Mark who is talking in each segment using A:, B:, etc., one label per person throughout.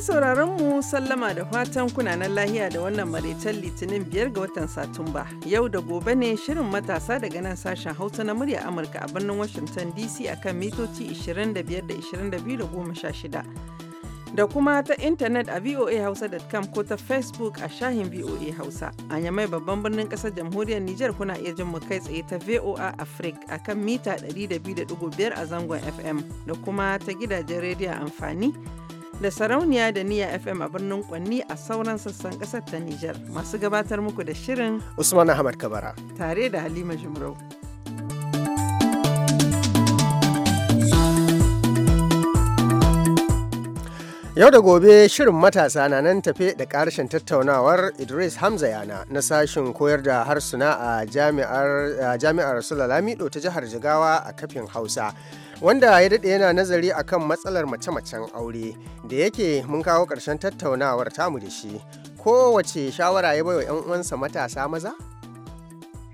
A: sauraron mu sallama da fatan kunanan lahiya da wannan maraicen litinin biyar ga watan Satumba. Yau da gobe ne shirin matasa daga nan sashen Hausa na murya Amurka a birnin Washington DC akan mitoci 25 da da kuma ta intanet a voahausa.com ko ta facebook a shahin voa hausa a yamai babban birnin kasar jamhuriyar niger kuna iya jin mu kai tsaye ta voa africa a kan mita 102.5 a zangon fm da kuma ta gidajen rediyon amfani da sarauniya da niya FM a birnin Kwanni a sauran sassan kasar ta Nijar. Masu gabatar muku da shirin
B: Usman Ahmad Kabara
A: tare da Halima jimrau
B: Yau da gobe shirin matasa na nan tafe da karshen tattaunawar Idris Hamza yana na sashin koyar da harsuna a jami'ar Sulalamido ta jihar Jigawa a kafin Hausa. wanda ya daɗe yana nazari a kan matsalar mace-macen aure da yake mun kawo ƙarshen tattaunawar tamu da shi kowace shawara ya baiwa 'yan uwansa matasa maza?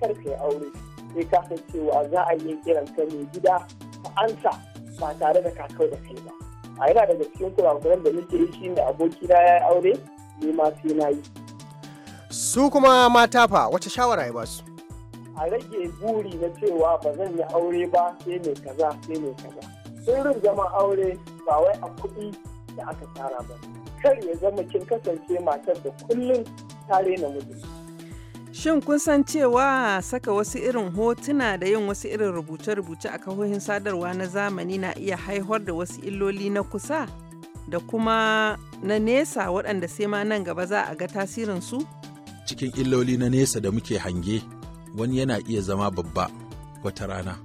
C: Karfe aure sai kasancewa za a yi kiran mai gida a ansa ba tare da kakau da kai ba. A yana daga cikin kurakuran da nake yi shine abokina ya yi aure, ne ma sai na yi.
B: Su kuma mata fa wace shawara ya ba su?
C: a rage buri na cewa ba zan yi aure ba sai mai kaza sai mai kaza rin zama aure ba wai a kuɗi da aka tsara ba kar ya zama kin kasance matar da kullum tare na miji
A: Shin kun san cewa saka wasu irin hotuna da yin wasu irin rubuce-rubuce a kahohin sadarwa na zamani na iya haihuwar da wasu illoli na kusa da kuma na nesa waɗanda sai ma nan gaba za a ga tasirinsu?
D: Cikin illoli na nesa da muke hange wani yana iya zama babba wata rana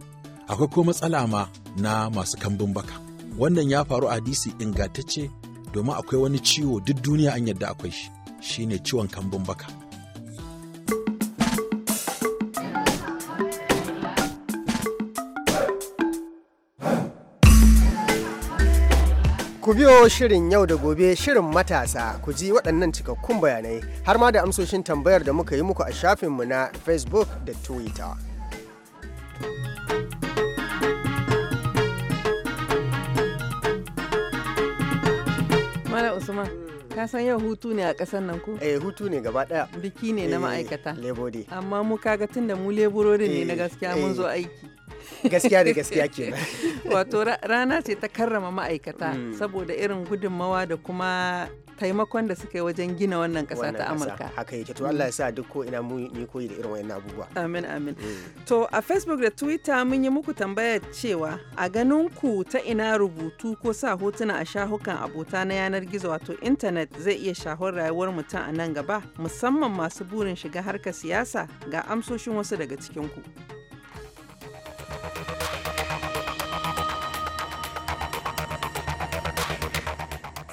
D: akwai ko matsala ma na masu kambun baka wannan ya faru a DC ingantacce domin akwai wani ciwo duk duniya an yadda akwai shi shine ciwon kambun baka
B: Ku biyo shirin yau da gobe shirin matasa ku ji waɗannan cikakkun bayanai har ma da amsoshin tambayar da muka yi muku a shafinmu na Facebook da Twitter.
A: Mala Usman. ka san yau hutu ne a ƙasar nan ko? eh hutu ne gaba ɗaya biki ne na eh, ma'aikata amma mu kaga tun da mu ne na eh, gaskiya mun zo eh. aiki
B: gaskiya da gaskiya kenan
A: wato rana ce ta karrama ma'aikata hmm. saboda irin gudunmawa da kuma taimakon da suka yi wajen gina wannan kasa ta amurka haka yake to hmm. allah ya sa
B: duk ko ina mu ni koyi da irin wayannan abubuwa amin amin hmm.
A: to a facebook da twitter mun yi muku tambayar cewa a ganin ku ta ina rubutu ko sa hotuna a shahukan abota na yanar gizo wato internet zai iya shahon rayuwar mutum a nan gaba musamman masu burin shiga harkar siyasa ga amsoshin wasu daga cikin ku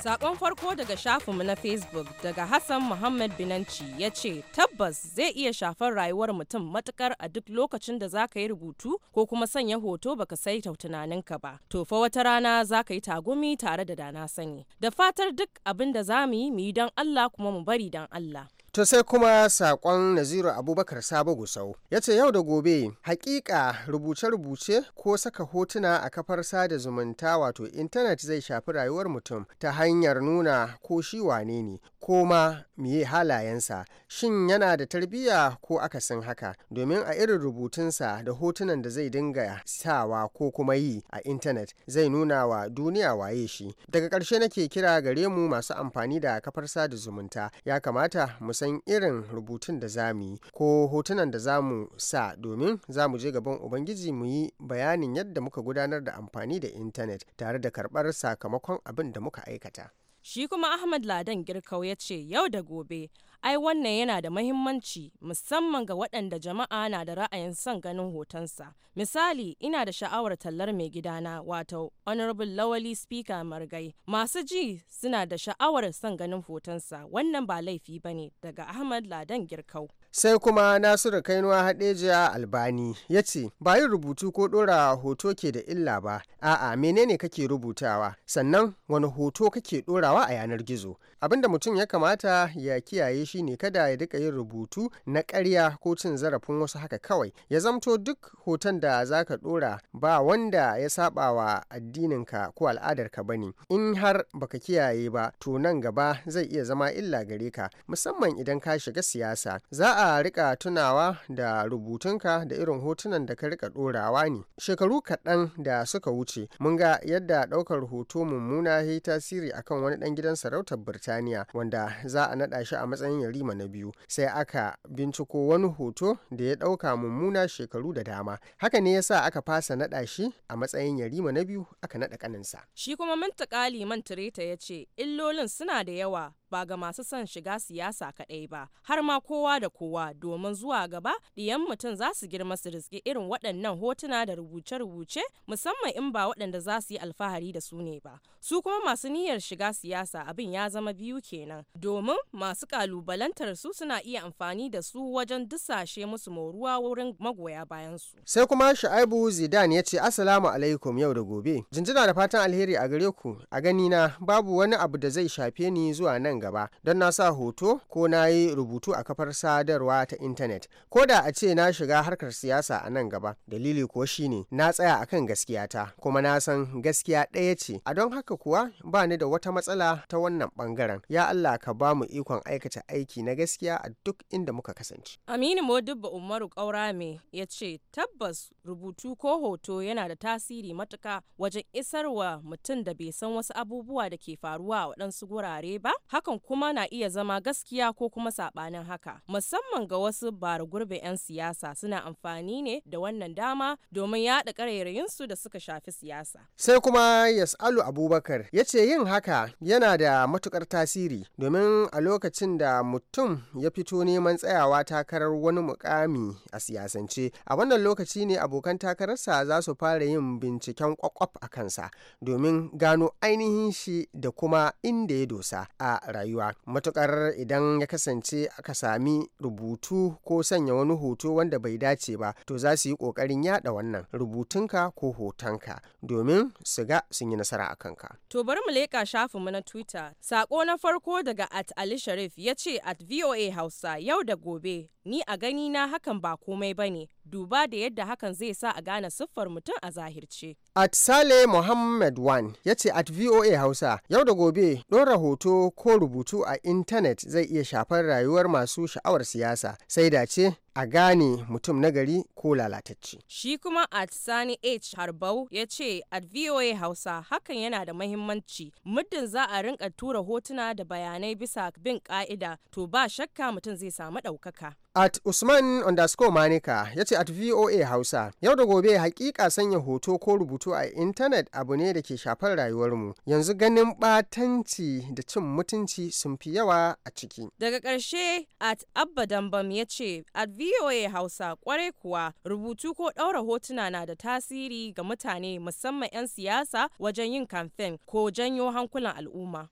E: Sakon farko daga shafinmu na Facebook daga Hassan Muhammad Binanci ya ce tabbas zai iya shafar rayuwar mutum matukar a duk lokacin da za ka yi rubutu ko kuma sanya hoto baka saita tunaninka ba. To fa wata rana za ka yi tagumi tare da dana sani. Da fatar duk abin da za mu yi mu yi don Allah kuma mu bari don Allah.
B: To sai kuma sakon Naziru Abubakar Sabo Gusau ya ce yau da gobe hakika rubuce-rubuce ko saka hotuna a kafar sada zumunta wato intanet zai shafi rayuwar mutum ta hanyar nuna ko shi wane ne ko ma miye halayensa shin yana da tarbiyya ko akasin haka domin a irin rubutunsa da hotunan da zai dinga sawa ko kuma yi a intanet zai nuna wa duniya waye shi daga ƙarshe nake kira gare mu masu amfani da kafar sada zumunta ya kamata mu san irin rubutun da za mu yi ko hotunan da za mu sa domin za mu je gaban ubangiji mu yi bayanin yadda muka gudanar da amfani da intanet tare da karɓar sakamakon abin da muka aikata
E: shi kuma ahmad ladan girkau ya ce yau da gobe ai wannan yana da mahimmanci musamman ga waɗanda jama'a na da ra'ayin son ganin hotonsa misali ina da sha'awar tallar mai gidana wato honorable lawali speaker margai masu ji suna da sha'awar son ganin hotonsa wannan ba laifi bane daga ahmad ladan girkau
B: sai kuma nasiru kainuwa hadejiya albani ya ce ba yin rubutu ko ɗora hoto ke da illa ba a'a menene kake rubutawa sannan wani hoto kake ɗorawa a yanar gizo abinda mutum ya kamata ya kiyaye shi ne kada ya duka yin rubutu na karya ko cin zarafin wasu haka kawai ya zamto duk hoton da za ka ɗora ba wanda ya saba wa addininka ko al'adarka ba ne in har baka kiyaye ba to nan gaba zai iya zama illa gare ka musamman idan ka shiga siyasa za a rika tunawa da rubutunka da irin hotunan da ka rika ɗorawa ne. Shekaru kaɗan da suka wuce, mun ga yadda ɗaukar hoto mummuna ya yi tasiri kan wani ɗan gidan sarautar Birtaniya wanda za a naɗa shi a matsayin yarima na biyu. Sai aka binciko wani hoto da ya ɗauka mummuna shekaru da dama. Haka ne ya sa aka fasa naɗa shi a matsayin yarima na biyu aka naɗa ƙaninsa.
E: Shi kuma Mintaka Liman Tireta ya ce illolin suna da yawa ba ga masu son shiga siyasa kaɗai ba, har ma kowa da kowa. kowa domin zuwa gaba ɗiyan mutum za su girma su riski irin waɗannan hotuna da rubuce-rubuce musamman in ba waɗanda za su yi alfahari da su ne ba. Su kuma masu niyyar shiga siyasa abin ya zama biyu kenan domin masu kalubalantar su suna iya amfani da su wajen dusashe musu moruwa wurin magoya bayan su.
B: Sai kuma Sha'aibu Zidane ya ce Assalamu alaikum yau da gobe. Jinjina da fatan alheri a gare ku a gani na babu wani abu da zai shafe ni zuwa nan gaba don na sa hoto ko na yi rubutu a kafar sadar sadarwa ta intanet ko da a ce na shiga harkar siyasa a nan gaba dalili kuwa shine na tsaya akan gaskiya ta kuma na san gaskiya ɗaya ce a don haka kuwa ba ni da wata matsala ta wannan bangaren ya Allah ka ba mu ikon aikata aiki na gaskiya a duk inda muka kasance
E: Aminu Modibba Umaru Kaurame ya ce tabbas rubutu ko hoto yana da tasiri matuka wajen isarwa mutum da bai san wasu abubuwa da ke faruwa a waɗansu gurare ba hakan kuma na iya zama gaskiya ko kuma saɓanin haka musamman musamman ga wasu bara gurbe 'yan siyasa suna amfani ne da wannan dama domin yaɗa ƙarairayinsu da suka shafi siyasa.
B: Sai kuma Yas'alu Abubakar ya ce yin haka yana da matukar tasiri domin a lokacin da mutum ya fito neman tsayawa takarar wani mukami a siyasance a wannan lokaci ne abokan takararsa za su fara yin binciken kwakwaf a kansa domin gano ainihin shi da kuma inda ya dosa a rayuwa matukar idan ya kasance aka sami rubutu rubutu ko sanya wani hoto wanda bai dace ba to za su yi ƙoƙarin yada wannan rubutunka ko hotonka domin su ga sun yi nasara a kanka.
E: To bari mu leƙa mu na Twitter. Sako na farko daga at Ali Sharif ya ce at VOA Hausa yau da gobe ni a gani na hakan ba komai ba ne duba da yadda hakan zai sa a gane siffar mutum a zahirce.
B: At Sale Muhammad Wan ya ce at VOA Hausa yau da gobe ɗora hoto ko rubutu a intanet zai iya shafar rayuwar masu sha'awar siyasa sai da ce a gane mutum nagari ko lalatacce.
E: Shi kuma at Sani H. Harbau ya ce at VOA Hausa hakan yana da mahimmanci muddin za a rinka tura hotuna da bayanai bisa bin ka'ida to ba shakka mutum zai samu ɗaukaka.
B: at usman underscore manika ya ce at voa hausa yau da gobe hakika sanya hoto ko rubutu a intanet abu ne da ke shafar rayuwarmu yanzu ganin batanci da cin mutunci sun fi yawa a ciki
E: daga ƙarshe at abba dambam ya ce at voa VOA Hausa kwarai kuwa rubutu ko ɗaura hotuna na da tasiri ga mutane musamman 'yan siyasa wajen yin kamfen ko janyo hankulan al'umma.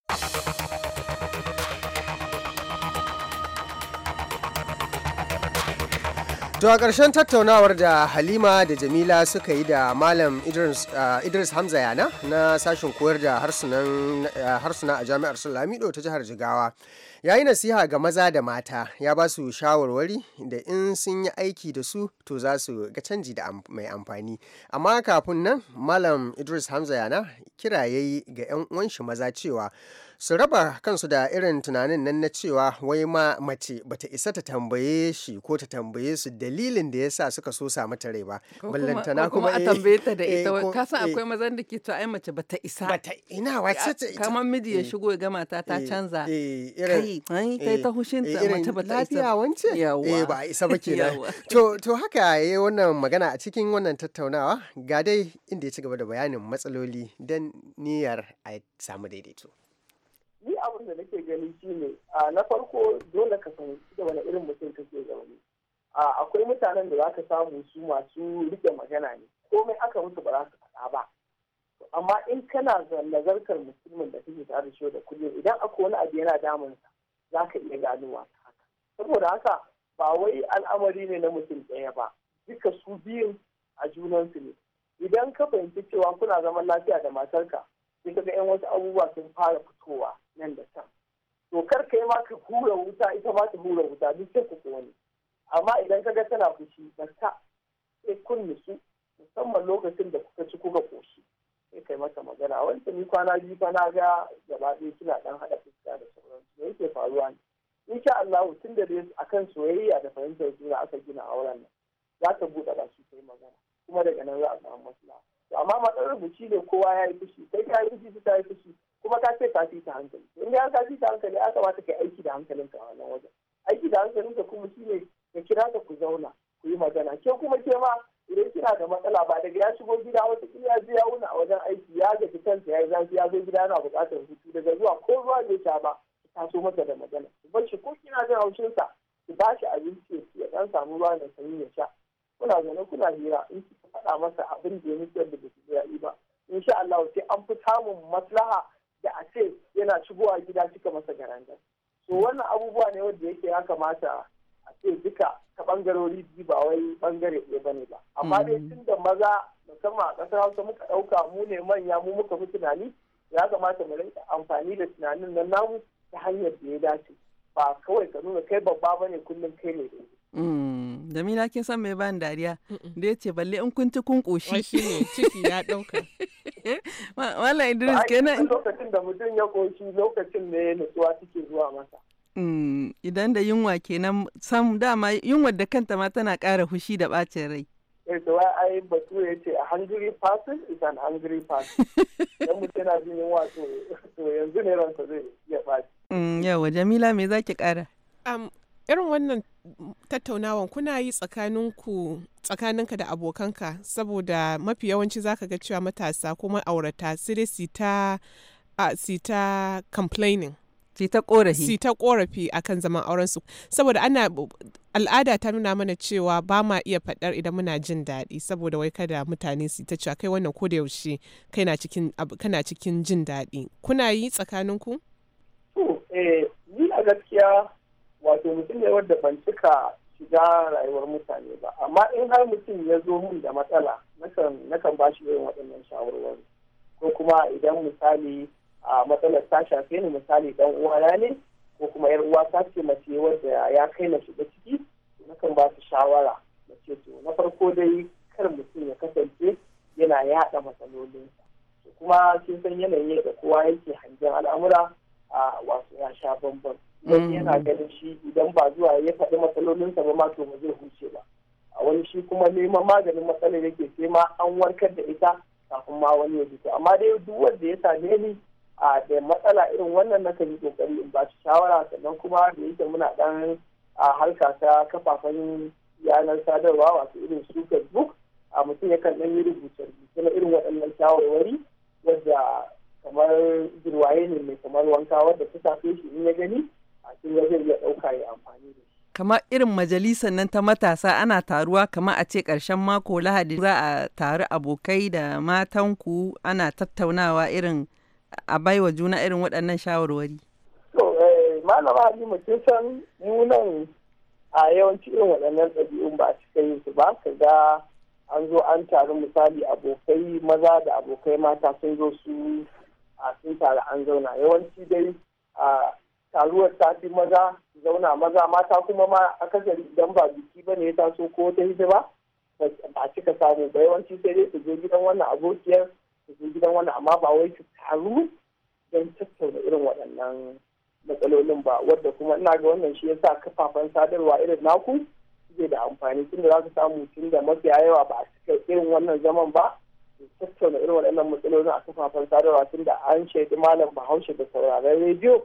B: To a ƙarshen tattaunawar da Halima da Jamila suka yi da Malam Idris, Idris Hamza Yana na sashen koyar da harsuna a Jami'ar Sulamido ta jihar Jigawa. Ya yi nasiha ga maza da mata ya ba su shawarwari da in sun yi aiki da su to za su ga canji da mai amfani. Amma kafin nan Malam Idris Hamza Yana kira ya ga 'yan uwanshi maza cewa su raba kansu da irin tunanin nan na cewa wai ma mace bata isa ta tambaye shi ko ta tambaye su dalilin da yasa suka so sa mata rai ba ballantana kuma a eh, tambaye ta da eh, ita ka san eh. akwai
A: mazan da ke to ai mace bata isa bata ina wace ta ita kamar miji ya shigo ya mata ta canza eh irin kai kai ta hushin ta mace bata
B: isa lafiya wance eh ba isa ba kenan to to haka yayi wannan magana a cikin wannan tattaunawa ga dai inda ya ci gaba da bayanin matsaloli dan niyyar a samu daidaito
C: ni abin da nake gani shine na farko dole ka san da wani irin mutum kake zaune akwai mutanen da za ka samu su masu rike magana ne komai aka mutu ba za su faɗa ba amma in kana nazartar musulmin da kake tare da shi da idan akwai wani abu yana damunsa za ka iya ganowa saboda haka ba wai al'amari ne na mutum ɗaya ba duka su biyun a junansu ne idan ka fahimci cewa kuna zaman lafiya da matarka sai ka ga 'yan wasu abubuwa sun fara fitowa nan da can to kar yi ma ka hura wuta ita ma ta hura wuta duk sai ku wani amma idan ka ga tana fushi da ta sai kun nisu musamman lokacin da kuka ci kuka koshi sai kai mata magana wancan ni kwana biyu na ga gaba ɗaya kina ɗan haɗa fuska da sauransu me yake faruwa ne in insha Allah tun da dai akan soyayya da fahimtar juna aka gina auren nan za ta buɗe ba ta kai magana kuma daga nan za a samu maslaha amma matsalar fushi ne kowa ya yi fushi kai ka yi fushi ta yi fushi kuma ka ce ta fi ta hankali in ya ka ta hankali aka kamata ka aiki da hankalin ka wannan wajen aiki da hankalin ka kuma shine ka kira ka ku zauna ku yi magana ke kuma ke ma idan kina da matsala ba daga ya shigo gida wata kila ya ya wuna a wajen aiki ya gaji kansa ya yi zafi ya zo gida yana buƙatar hutu daga zuwa ko ruwa zai sha ba ta taso masa da magana ku bar shi ko kina jin haushin sa ki ba shi abinci ya dan samu ruwa da sanyi ya sha kuna zaune kuna hira in ki faɗa masa abin da ya mutu da ba su ya yi ba insha Allah sai an fi samun maslaha da a ce yana shigowa gida cika masa garanda so wannan abubuwa ne wanda yake ya kamata a ce duka ta bangarori biyu ba wai bangare ɗaya bane ba amma dai mm. tun da maza musamman a ƙasar hausa muka ɗauka mu ne manya mu muka fi tunani ya kamata mu rinka amfani da tunanin nan namu ta hanyar da ya dace ba kawai ka nuna kai babba bane kullum kai ne da
A: mm. Jamila kin san mai ban dariya da ya ce balle in kun ci kun ƙoshi. Shi ne ciki
C: ya ɗauka.
A: Wala Idris kenan.
C: Lokacin da mutum ya koshi lokacin ne nutsuwa take zuwa masa.
A: Mm, idan da yunwa kenan sam dama yunwa da kanta ma tana ƙara hushi da ɓacin rai.
C: Eh to ai batu ya ce a hungry person is an hungry person. Dan mutum yana jin yunwa
B: to yanzu ne ransa zai ya ɓaci.
A: Mm, Yawa Jamila me zaki ƙara?
B: Irin wannan tattaunawan kuna yi tsakaninku tsakaninka da abokanka saboda mafi yawanci zaka ga cewa matasa kuma aurata su dai sita sita complaining sita korafi sita korafi akan zaman auren su saboda ana al'ada ta nuna mana cewa ba ma iya faɗar idan muna jin daɗi saboda wai kada mutane su ta cewa kai wannan ko da yaushe kai na cikin kana cikin jin daɗi kuna yi tsakaninku
C: to eh ni gaskiya wato mutum ne wanda ban cika shiga rayuwar mutane ba amma in har mutum ya zo mun da matsala nakan ba shi irin waɗannan shawarwari ko kuma idan misali a matsalar ta shafe ni misali dan uwana ne ko kuma yar uwa ta ce mace wadda ya kai na shiga ciki nakan ba su shawara mace to na farko dai kar mutum ya kasance yana yaɗa matsalolinsa kuma kin san yanayin da kowa yake hangen al'amura a wasu ya sha bambam
E: yana mm. ganin
C: shi idan ba zuwa ya faɗi matsalolinsa ba ma to ba zai huce ba a wani shi kuma neman maganin matsalar yake sai ma an warkar da ita kafin ma wani ya fito amma dai duk wanda ya same ni a da matsala irin wannan na kan yi kokari in ba shi shawara sannan kuma da yake muna dan a harka ta kafafen yanar sadarwa wato irin su facebook a mutum yakan dan yi rubuce rubuce na irin waɗannan shawarwari wadda kamar jirwaye ne mai kamar wanka wadda ta tafe shi in ya gani a wajen ya ɗauka ya amfani da shi.
A: Kamar irin majalisar nan ta matasa ana taruwa kamar a ce ƙarshen mako lahadi za a taru abokai da matanku ana tattaunawa irin a baiwa juna irin waɗannan shawarwari.
C: To, eh, malama Halima kin san nunan a yawanci irin waɗannan ɗabi'un ba a cika yin su ba ka ga an zo an taru misali abokai maza da abokai mata sun zo su a sun taru an zauna yawanci dai a taruwar ta fi maza zauna maza mata kuma ma akasari idan ba biki ba ne ya taso ko ta hidima ba a cika samu ba yawanci sai dai su zo gidan wannan abokiyar su zo gidan wannan amma ba wai su taru don tattauna irin waɗannan matsalolin ba wadda kuma ina ga wannan shi yasa kafafen sadarwa irin naku suke da amfani tun da za su samu tun da mafiya yawa ba a cika irin wannan zaman ba tattauna irin waɗannan matsalolin a kafafen sadarwa tun da an shaidi malam bahaushe da sauraron rediyo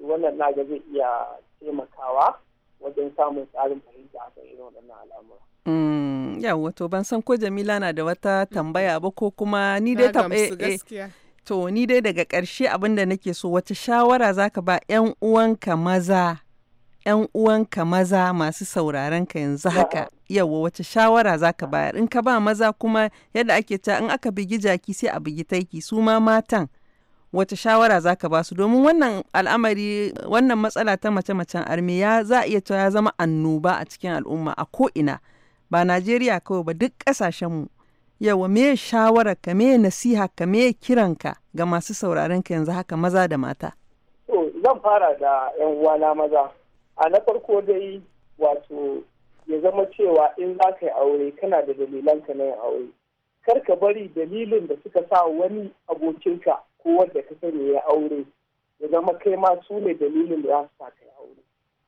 C: wannan na ga zai iya taimakawa wajen samun tsarin fahimta a kan irin waɗannan al'amura.
A: Mm, Yawwa to ban san ko Jamila na da wata tambaya ba ko kuma ni dai taɓa eh, eh, To ni dai daga ƙarshe abinda nake so wata shawara zaka ba 'yan uwanka maza 'yan uwanka maza masu sauraron ka yanzu haka yawa wace shawara zaka bayar in ka ba maza kuma yadda ake ta in aka bigi jaki sai a bigi taiki su ma matan wata shawara za ka basu domin wannan al'amari wannan matsala ta mace-macen armi ya za a iya ta ya zama annoba a cikin al'umma a ko'ina ba najeriya kawai ba duk ƙasashenmu yawa me shawara ka me nasiha ka me kiranka ga masu sauraron ka yanzu haka maza da mata
C: zan fara da yan uwana maza a na farko dai wato ya zama cewa in za ka yi aure kana da dalilan ka na yin aure kar ka bari dalilin da suka sa wani abokinka ko wanda ka sani ya aure ya zama kai ma su ne dalilin da za su sa kai aure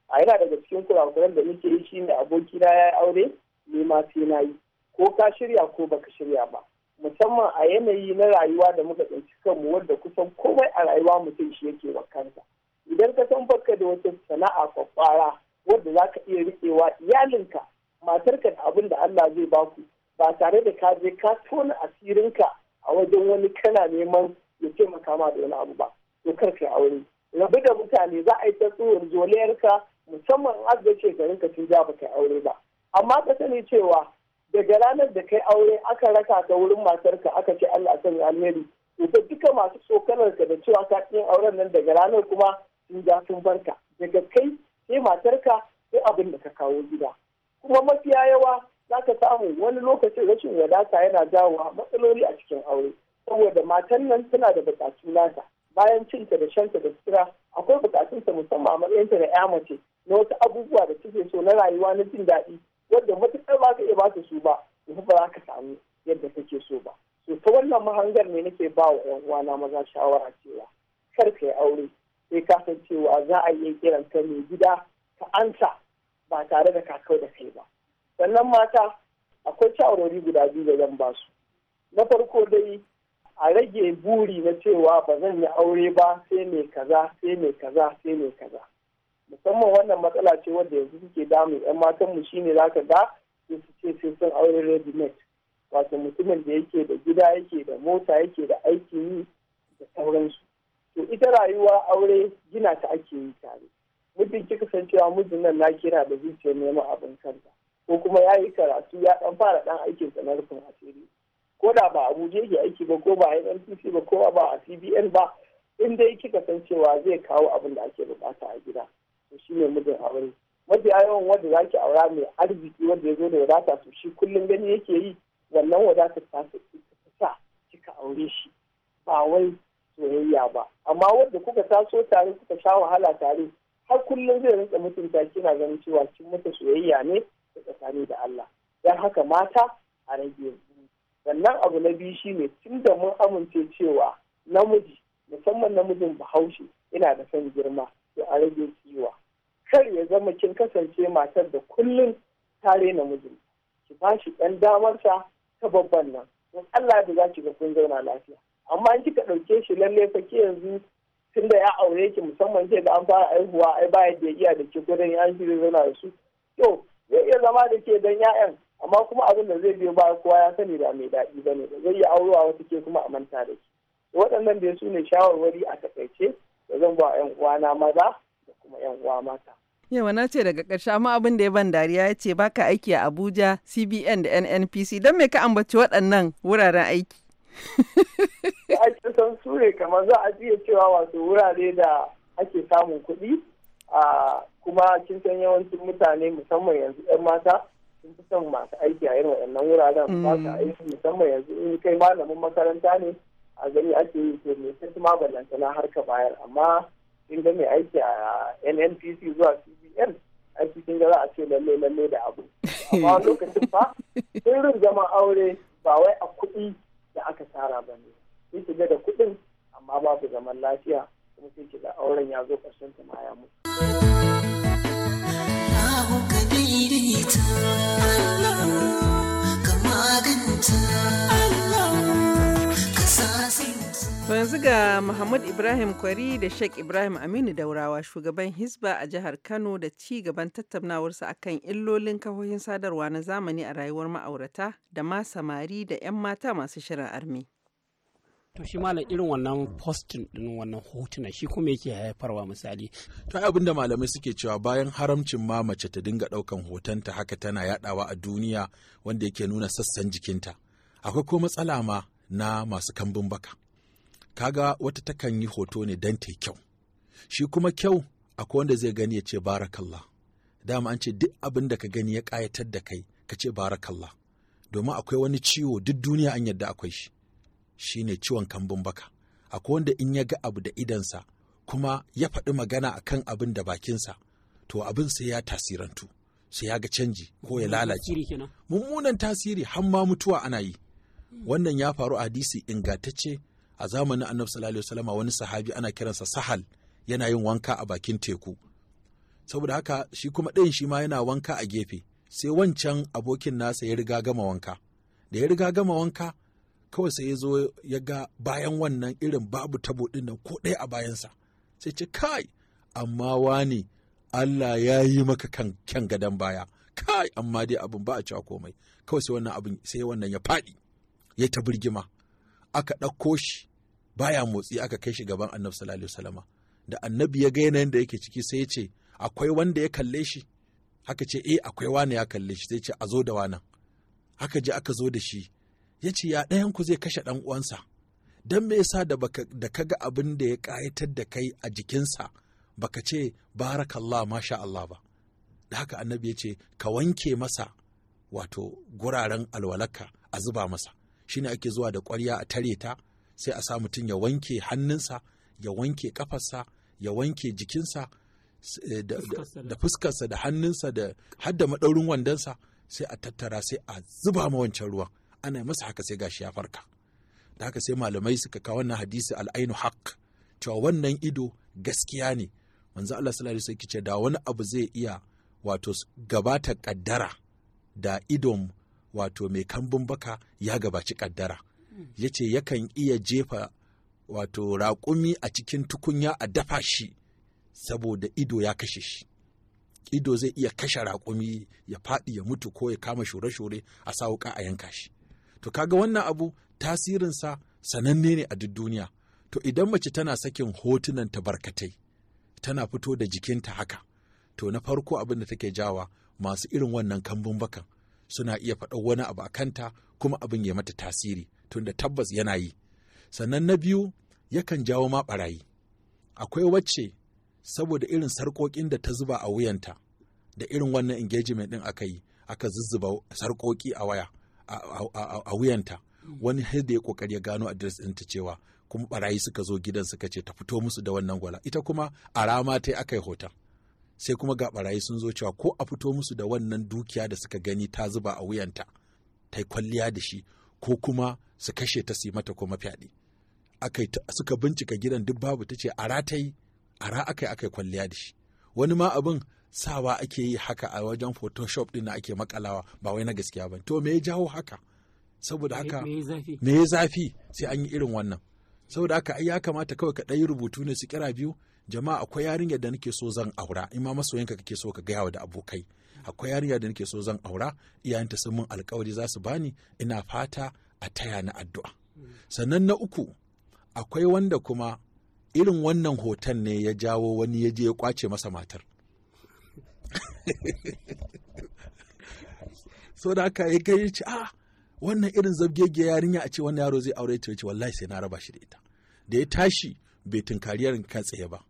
C: a yana daga cikin kurakuran da muke yi shi ne shine abokina ya yi aure ne ma sai na yi ko ka shirya ko baka shirya ba musamman a yanayi na rayuwa da muka tsinci kanmu wanda kusan komai a rayuwa mutum shi yake wa kansa idan ka san baka da wata sana'a kwakwara wadda za ka iya riƙewa iyalinka matarka da abin da Allah zai baku ba tare da ka je ka tona asirinka a wajen wani kana neman ya taimaka ma da wani abu ba ya kar a aure rabu da mutane za a yi ta tsohon zoliyarka musamman an da shekarun ka tun ba kai aure ba amma ka sani cewa daga ranar da kai aure aka raka ka wurin matarka aka ce Allah san alheri ita duka masu tsokanar ka da cewa ka ɗin auren nan daga ranar kuma sun ja sun barka daga kai sai matarka sai abin da ka kawo gida kuma mafiya yawa za ka samu wani lokacin rashin wadata yana jawowa matsaloli a cikin aure saboda matan nan tana da bukatu nata bayan cinta da shanta da sutura akwai ta musamman a matsayinta da ya mace na wasu abubuwa da suke so na rayuwa na jin daɗi wadda matuƙar ba ka iya ba su ba yanzu ba za ka samu yadda kake so ba so ta wannan mahangar ne nake ba wa ƴan uwana maza shawara cewa kar ka yi aure sai ka san cewa za a iya kiran ka mai gida ta ansa ba tare da kakau da kai ba sannan mata akwai shawarwari guda biyu da zan ba su na farko dai a rage buri na cewa ba zan yi aure ba sai mai kaza sai mai kaza sai mai kaza musamman wannan matsala ce wadda yanzu suke damu yan matan mu shine zaka ga sai su ce sai sun aure ready made wato mutumin da yake da gida yake da mota yake da aiki yi da sauransu to ita rayuwa aure gina ta ake yi tare muddin kika san cewa mijin nan na kira da zuciyar neman abin kanta ko kuma ya yi karatu ya dan fara dan aikin sa na rufin asiri ko da ba buje yake aiki ba ko ba a yi nnpc ba ko ba a cbn ba in dai kika san cewa zai kawo abin da ake bukata a gida to shi ne mijin aure mafiya yawan wanda za ki aura mai arziki wanda ya zo da wadata to shi kullum gani yake yi wannan wadatar ta sa kika aure shi ba wai soyayya ba amma wanda kuka taso tare kuka sha wahala tare har kullum zai rinka mutunta kina ganin cewa kin mata soyayya ne da tsakani da Allah dan haka mata a rage sannan abu na biyu shine tun da mun amince cewa namiji musamman namijin bahaushe ina da son girma to a rage ciwa kar ya zama kin kasance matar da kullum tare namijin ki ba shi ɗan damarsa ta babban nan don Allah da za ki ga kun zauna lafiya amma in kika ɗauke shi lalle fa ke yanzu tun da ya aure ki musamman ke da an fara aihuwa ai baya da iya da ki gudan ya shi zauna da su to zai iya zama da ke dan 'ya'yan amma kuma abin da zai biyo ba kowa ya sani da mai daɗi ba ne zai yi aure a wasu ke kuma a manta da shi waɗannan da su ne shawarwari a takaice da zan ba yan uwana maza da kuma yan uwa mata
A: yawa na ce daga ƙarshe amma abin da ya ban dariya ya ce baka aiki a abuja cbn da nnpc don me ka ambaci waɗannan wuraren aiki
C: aiki san su ne kamar za a iya cewa wasu wurare da ake samun kuɗi kuma kin yawancin mutane musamman yanzu 'yan mata sun fi son masu aiki a irin waɗannan wuraren mm. ba su aiki musamman yanzu in kai malamin makaranta ne a gani ake yi to me sai kuma ballanta na harka bayar amma in ga mai aiki a NNPC zuwa CBN aiki kin ga za a ce lalle lalle da abu
B: amma lokacin
C: fa sirrin zama aure ba wai a kuɗi da aka tara ba ne sai shiga da kuɗin amma babu zaman lafiya kuma sai shiga auren ya zo ƙarshen ta ma ya mutu.
A: yanzu ga Muhammad Ibrahim Kwari da Sheikh Ibrahim Aminu Daurawa shugaban Hisba a jihar Kano da ci gaban tattaunawarsa akan illolin kahohin sadarwa na zamani a rayuwar ma'aurata da ma samari da 'yan mata masu shirin armi.
D: to shi malam irin wannan postin din wannan hotuna shi kuma yake haifarwa misali to abin da malamai suke cewa bayan haramcin ma mace ta dinga daukan ta haka tana yadawa a duniya wanda yake nuna sassan jikinta akwai ko matsala ma na masu kambun baka kaga wata takan yi hoto ne dan ta kyau shi kuma kyau akwai wanda zai gani ya ce barakallah dama an ce duk abin da ka gani ya kayatar da kai ka ce barakallah domin akwai wani ciwo duk duniya an yadda akwai shi shine ciwon kambun baka akwai wanda in ya ga abu da idansa kuma ya faɗi magana a kan abin da bakinsa to abin sai ya tasirantu sai ya ga canji ko ya lalace mummunan tasiri har ma mutuwa ana yi wannan ya faru a hadisi ingantacce a zamanin annabi sallallahu alaihi wasallam wani sahabi ana kiransa sahal yana yin wanka a bakin teku saboda haka shi kuma ɗin shi ma yana wanka a gefe sai wancan abokin nasa ya riga gama wanka da ya riga gama wanka kawai sai ya zo ya ga bayan wannan irin babu tabo ɗin nan ko ɗaya a bayansa sai ce kai amma wani Allah ya yi maka kan kyan gadon baya kai amma dai abin ba a cewa komai kawai sai wannan abin sai wannan ya faɗi ya ta birgima aka ɗauko shi baya motsi aka kai shi gaban annabi sallallahu alaihi wasallam da annabi ya ga yanayin da yake ciki sai ya ce akwai wanda ya kalle shi haka ce eh akwai wani ya kalle shi sai ce a zo da wani haka je aka zo da shi ya ce ya ku zai kashe ɗan uwansa don me yasa da ka ga abin da ya ƙayatar da kai a jikinsa baka ce barakallah masha Allah ba da haka annabi ya ce ka wanke masa wato guraren alwalaka a zuba masa shine ake zuwa da ƙwarya a tare ta sai a sa mutum ya wanke hannunsa ya wanke kafarsa ya wanke jikinsa eh, da fuskarsa da hannunsa da har da maɗaurin wandonsa sai a tattara sai a zuba ma wancan ruwan ana masa haka sai gashi ya farka da haka sai malamai suka kawo wannan hadisi al'ainu haq cewa wannan ido gaskiya ne manzo Allah sallallahu alaihi wasallam ce da wani abu zai iya wato gabata kaddara da idon wato mai kambun baka ya gabaci kaddara yace yakan iya jefa wato raƙumi a cikin tukunya a dafa shi saboda ido ya kashe shi ido zai iya kashe raƙumi ya faɗi ya mutu ko ya kama shure-shure a sa wuƙa a yanka shi to kaga wannan abu tasirinsa sananne ne a duk duniya to idan mace tana sakin hotunan ta barkatai tana fito da jikinta haka to na farko abin da take jawa masu irin wannan kambun bakan suna iya faɗa wani abu a kanta kuma abin ya mata tasiri tunda tabbas yana yi sannan na biyu yakan jawo ma ɓarayi akwai wacce saboda irin sarƙoƙin da ta zuba a wuyanta da irin wannan engagement ɗin aka yi aka zuzzuba sarƙoƙi a waya a wuyanta wani har da ya kokari ya gano adres din ta cewa kuma barayi suka zo gidan suka ce ta fito musu da wannan gwala ita kuma a rama ta aka yi hoton sai kuma ga barayi sun zo cewa ko a fito musu da wannan dukiya da suka gani ta zuba a wuyanta ta yi kwalliya da shi ko kuma su kashe ta su yi mata kuma fyaɗe suka bincika gidan duk babu ta ce a ta a ra aka yi aka yi kwalliya da shi wani ma abin sawa ake yi haka a wajen photoshop din ake makalawa ba wai na gaskiya ba to me ya jawo haka saboda haka
E: me ya
D: zafi sai an yi irin wannan saboda haka ai ya kamata kawai ka ɗayi rubutu ne su kira biyu jama'a akwai yarinyar da nake so zan aura in ma masoyinka kake so ka gaya wa da abokai akwai yarinyar da nake so zan aura iyayenta sun mun alkawari za su bani ina fata a taya na addu'a sannan na uku akwai wanda kuma irin wannan hoton ne ya jawo wani ya je ya kwace masa matar so da aka yi gari ce a ah, wannan irin zabgege yarinya a ce wannan yaro zai aure ta ce wallahi sai na raba shi da ita da ya tashi bai tunkari yarin kan tsaye ba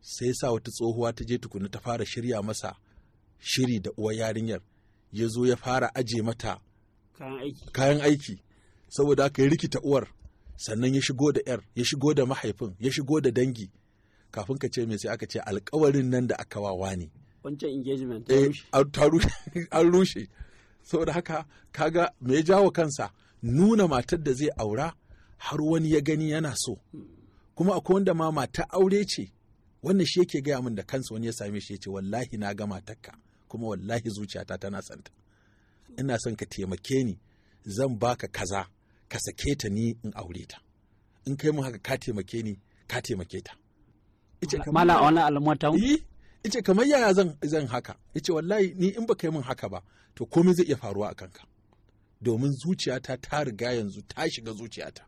D: sai sa wata tsohuwa ta je tukuna ta fara shirya masa shiri da uwar yarinyar ya zo ya fara aje mata kayan aiki saboda aka yi rikita uwar sannan ya shigo da yar ya shigo da mahaifin ya shigo da dangi kafin ka ce mai sai aka ce alkawarin nan da aka wawa ne
C: wancan engagement eh
D: an rushe saboda haka kaga me ya jawo kansa nuna matar da zai aura har wani ya gani yana so kuma akwai wanda ma mata aure ce wannan shi yake gaya min da kansa wani ya same shi ya ce wallahi na ga matarka kuma wallahi zuciyata tana santa ina son ka taimake ni zan baka kaza ka sake ta ni in aure ta in kai mun haka ka taimake ni ka taimake ta. Mala a wani almatan? yace kamar yaya zan zan haka yace wallahi ni in baka yi min haka ba to komai zai iya faruwa a kanka domin zuciyata ta riga yanzu ta shiga zuciyata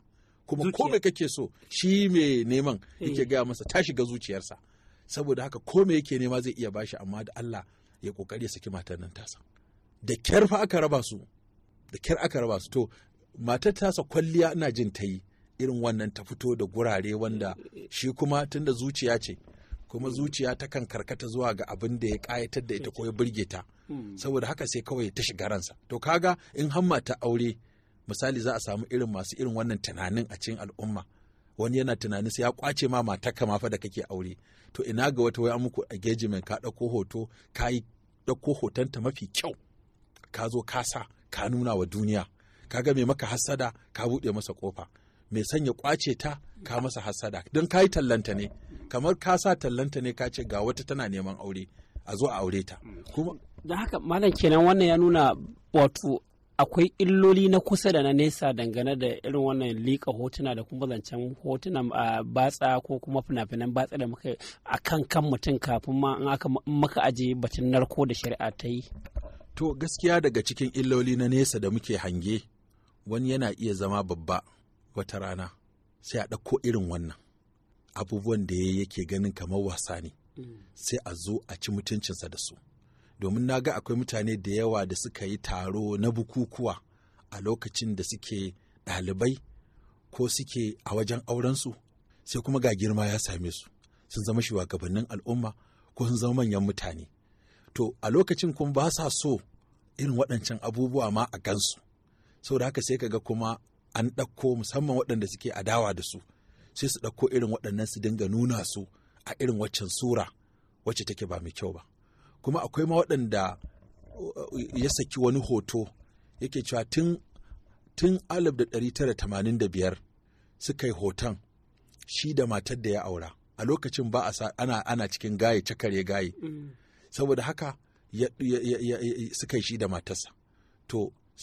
D: kuma komai kake so shi mai neman yake eh. gaya masa ta shiga zuciyarsa saboda haka komai yake nema zai iya bashi amma da Allah ya kokari ya saki matar nan tasa da kyar fa aka raba su da kyar aka raba su to matar tasa kwalliya ina jin ta yi irin wannan ta fito da gurare wanda eh, eh, shi kuma tunda zuciya ce kuma zuciya ta kan karkata zuwa ga abin da ya kayatar da ita ko ya burge ta hmm. saboda haka sai kawai ta shiga ransa to kaga in hamma ta aure misali za a samu irin masu irin wannan tunanin a cikin al'umma wani yana tunanin sai ya kwace ma matar ma fa da kake aure to ina ga wata wai an muku engagement ka dauko hoto ka yi dauko hotonta mafi kyau ka zo ka sa ka nuna wa duniya ka ga mai maka hassada ka bude masa kofa mai sanya kwace ta ka masa hassada don kayi tallanta ne kamar ka sa tallanta ne ka ce ga wata tana neman aure a zo a aure ta da haka malam kenan wannan ya nuna wato akwai illoli na kusa da na nesa dangane
B: da irin wannan liƙa hotuna da kuma zancen hotunan batsa ko kuma fina-finan batsa da muka a kan kan mutum kafin ma in aka maka aje batun narko da shari'a ta yi
D: to gaskiya daga cikin illoli na nesa da muke hange wani yana iya zama babba wata rana sai a ɗauko irin wannan abubuwan da ya yake ganin kamar wasa ne sai a zo a ci mutuncinsa da su domin na ga akwai mutane da yawa da suka yi taro na bukukuwa a lokacin da suke ɗalibai ko suke a wajen aurensu sai kuma ga girma ya same su sun zama shugabannin al'umma ko sun zama manyan mutane to a lokacin kuma ba sa so irin waɗancan abubuwa ma a gansu saboda haka sai ka ga kuma an ɗauko musamman waɗanda suke adawa da su sai su ɗauko irin waɗannan su dinga nuna su a irin waccan sura wacce take ba mai kyau ba kuma akwai ma waɗanda uh, ya saki wani hoto yake cewa tun 1985 suka yi hoton shi da matar da ya aura a lokacin ba a ana, ana cikin gaye cakare gaye mm. saboda haka suka yi shi da matarsa to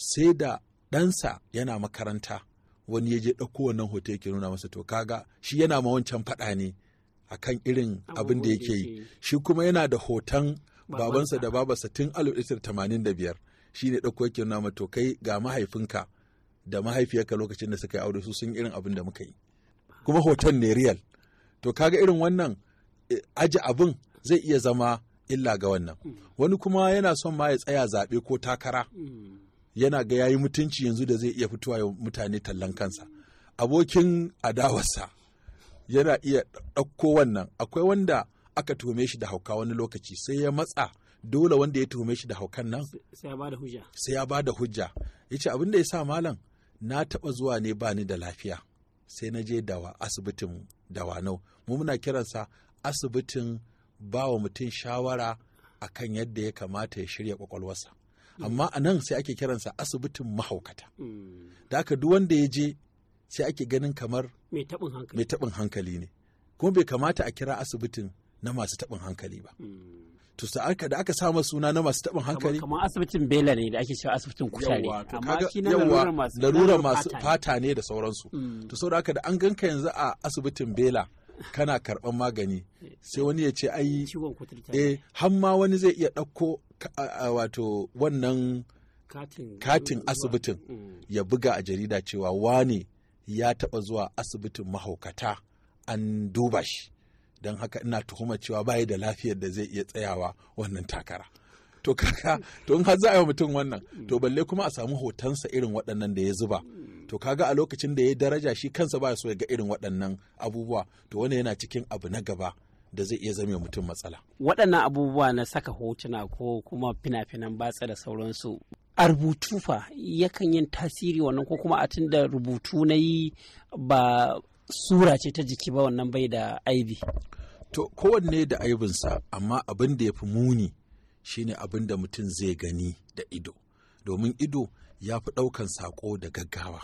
D: sai da ɗansa yana makaranta wani ya je ɗauko wannan hoto yake nuna masa to kaga shi yana ma wancan faɗa ne akan irin abin da yake yi shi kuma yana da hoton babansa da babarsa tun 1985 shi ne ɗauko yake nuna to kai ga mahaifinka da mahaifiyarka lokacin da suka yi aure su sun irin abin da muka yi kuma hoton ne real to kaga irin wannan eh, aji abin zai iya zama illa ga wannan mm. wani kuma yana son ma ya tsaya zaɓe ko takara mm. yana ga yayi mutunci yanzu da zai iya fitowa ya mutane tallan kansa abokin adawarsa yana iya ɗauko wannan akwai wanda aka tuhume shi da hauka wani lokaci sai ya matsa dole wanda ya tuhume shi da haukan nan sai ya bada hujja ya ce yace abin da ya sa malam na taɓa zuwa ne ba ni da lafiya sai na je dawa asibitin dawanau mu muna kiransa asibitin ba wa mutum shawara akan yadda ya kamata ya shirya kwakwalwarsa amma a nan sai ake kiransa asibitin mahaukata mm. da aka duk wanda ya je sai ake ganin kamar mai taɓin hankali ne kuma bai kamata a kira asibitin na masu taɓin hankali ba mm. to sa aka da aka sa masu suna na masu taɓin hankali kamar asibitin bela ne da ake cewa asibitin kusa ne amma shi na larura masu fata ne da sauransu mm. to saboda haka da an ganka yanzu a asibitin bela kana karban magani sai wani ya ce ai eh hamma wani zai iya ɗauko wato wannan katin asibitin mm. ya buga a jarida cewa wane ya taɓa zuwa asibitin mahaukata an duba shi don haka ina tuhuma cewa bayi da lafiyar da zai iya tsayawa wannan takara to kaka to in har za a yi mutum wannan to balle kuma a samu hotonsa irin waɗannan da ya zuba mm. to kaga a lokacin da ya daraja shi kansa ba so ya ga irin waɗannan abubuwa to wani yana cikin abu na gaba da zai iya zama mutum matsala
B: waɗannan abubuwa na saka hotuna ko kuma fina-finan batsa da sauransu
D: a rubutu
B: fa yakan yin tasiri wannan ko kuma a tunda rubutu na yi ba sura ce ta jiki ba wannan bai da aibi
D: to kowanne da aibinsa amma abin da ya fi muni shine abin da mutum zai gani da ido domin ido ya fi ɗaukan saƙo da gaggawa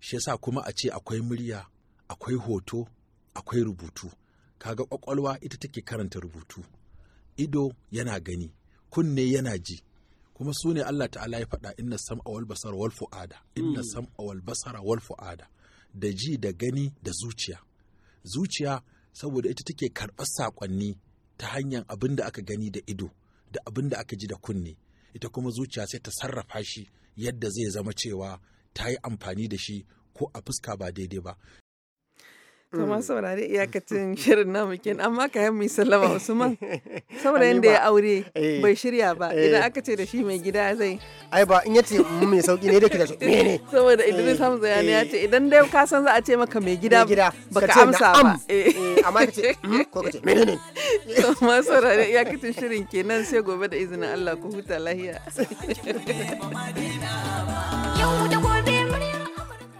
D: shi yasa kuma a ce akwai murya akwai hoto akwai rubutu kaga kwakwalwa ita take karanta rubutu ido yana gani kunne yana ji kuma su ne Allah ta'ala ya faɗa inna sam awal basara wal fu'ada inna hmm. sam awal basara wal fu'ada da ji da gani da zuciya zuciya saboda ita take karɓar saƙonni ta hanyar abin da aka gani da ido da abin da aka ji da kunne ita kuma zuciya sai ta sarrafa shi yadda zai zama cewa ta yi amfani da shi ko a fuska ba daidai ba
A: to ma mm. saurari iyakacin shirin namu ken amma ka yi sallama usman saboda yadda ya
D: aure eh. bai shirya ba idan eh. aka
B: ce da shi mai gida zai ai ba in yace mai sauki ne da kida me ne
A: saboda idan Hamza ya ne ya ce mm, eh. idan dai ka san za a ce maka mai gida baka amsa ba amma ka ce mm,
B: ko ka ce ne. to ma saurari
A: iyakacin shirin kenan sai gobe da izinin Allah ku huta lahiya yau da